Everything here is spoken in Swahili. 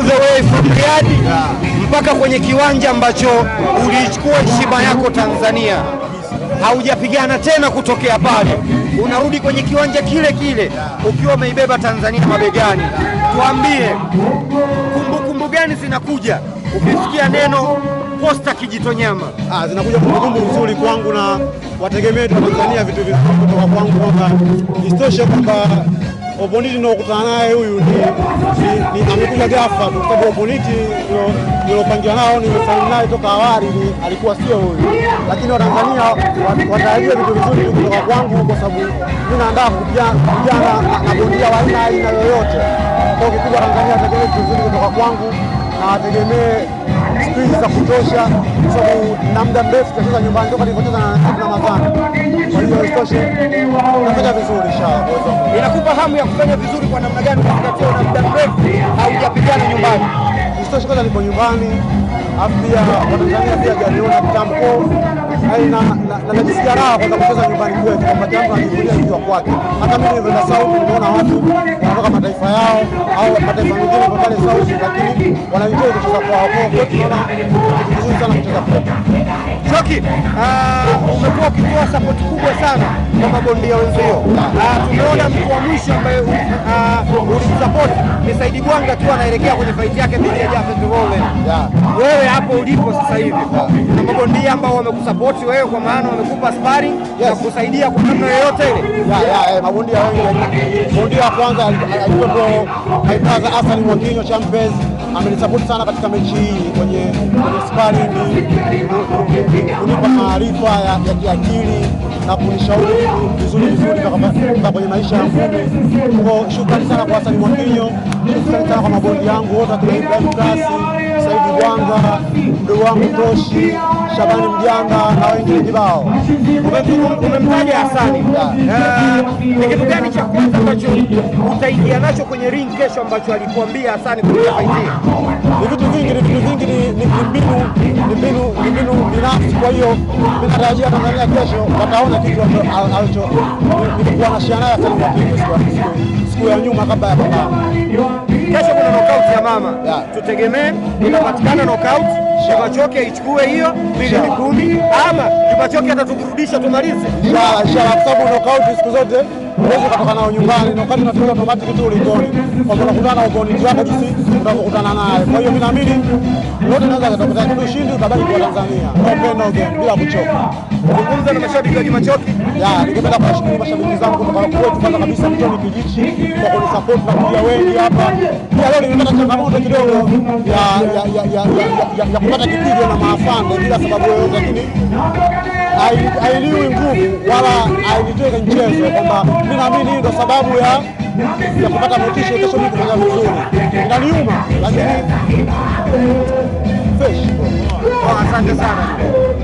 all the way from Riyadh mpaka kwenye kiwanja ambacho ulichukua heshima yako Tanzania. Haujapigana tena kutokea pale, unarudi kwenye kiwanja kile kile ukiwa umeibeba Tanzania mabegani. Tuambie kumbukumbu gani zinakuja ukisikia neno Posta Kijitonyama? Ah, zinakuja kumbukumbu nzuri kwangu na wategemee Tanzania vitu vizuri kutoka kwangu, kwamba isitoshe kwamba Oboniti ninaokutana naye huyu ni amekuja ghafla kwa sababu Oboniti nilopangiwa nao nimesaini naye toka awali alikuwa sio huyu, lakini Watanzania watarajia vitu vizuri kutoka kwangu kwa sababu mi naandaa kupigana na bondia wa aina aina yoyote. Kwa kikubwa Tanzania wategemee vitu vizuri kutoka kwangu na wategemee skrini za kutosha, kwa sababu na muda mrefu tutacheza nyumbani toka tulivyocheza na Mazana. Kwa hiyo isitoshe, tunafanya vizuri inshallah. Inakupa hamu ya kufanya vizuri kwa namna gani, ukizingatia na muda mrefu haujapigana nyumbani? Isitoshe, kwanza nipo nyumbani, alafu pia Watanzania pia jaliona kitambo najisikia raha kwanza kucheza nyumbani kwetu, kwamba jambo anajivunia kichwa kwake. Hata mimi nilivyoenda Saudi nimeona watu wanatoka mataifa yao au mataifa mengine kwa pale Saudi, lakini wanaenjoy kucheza kwao. Kwa hiyo tunaona kitu kizuri sana kucheza kwetu. Choki, ah, umekuwa ukitoa support kubwa sana kwa mabondia wenzio. Ah, tumeona mtu wa mwisho ambaye ah, ulimsupport ni Saidi Bwanga tu anaelekea kwenye fight yake dhidi ya Jafet Rowland. Wewe hapo ulipo sasa hivi na mabondia ambao wamekusupport coach wewe, kwa maana wamekupa sparring na kusaidia kwa namna yoyote ile. Mabondia wengi, bondia wa kwanza alikuwepo Kaipaza Hassan Mwakinyo Champions amenisapoti sana katika mechi hii kwenye kwenye sparring, kunipa maarifa ya ya kiakili na kunishauri vizuri vizuri kwa kwenye maisha yangu. Kwa Shukrani sana kwa Hassan Mwakinyo, shukrani sana kwa mabondi yangu wote akina Ibrahim Kasi, Saidi Gwanga ndugu wangu Toshi Shabani Mjanga na wengine kibao. Umemtaja Hasani, eh, ni kitu gani cha kwanza ambacho utaingia nacho kwenye ring kesho ambacho alikuambia Hasani kuja Ni vitu vingi, ni vitu vingi, ni mbinu, ni mbinu, ni mbinu binafsi. Kwa hiyo ninatarajia Tanzania kesho wataona kitu alicho nilikuwa na shia naye Hasani Mwakinyo siku ya nyuma kabla ya pambano. Kesho kuna knockout ya mama, tutegemee itapatikana knockout choke ichukue hiyo milioni kumi, ama Shamachoke atatukurudisha tumalize. Kwa sababu knockout siku zote unaweza kutoka nao nyumbani, na wakati unafikiria automatic tu ulikoni, kwa sababu unakutana na opponent wako jinsi utakokutana naye. Kwa hiyo mimi naamini wote naweza kutokea kitu ushindi utabaki kwa Tanzania, no pain bila kuchoka kuzungumza na mashabiki wa Jumachoki. Ya, ningependa kuwashukuru mashabiki zangu kwa kwetu, kwanza kabisa Mtoni Kijichi kwa kunisupport na kuja wengi hapa. Pia leo nimepata changamoto kidogo ya ya ya ya, ya, kupata kipigo na maafande bila sababu yoyote, lakini hailiwi nguvu wala hainitoi kwenye mchezo, kwamba mimi naamini ndio sababu ya ya kupata motisha kesho mimi kufanya vizuri. Inaniuma lakini fresh. Oh, asante sana.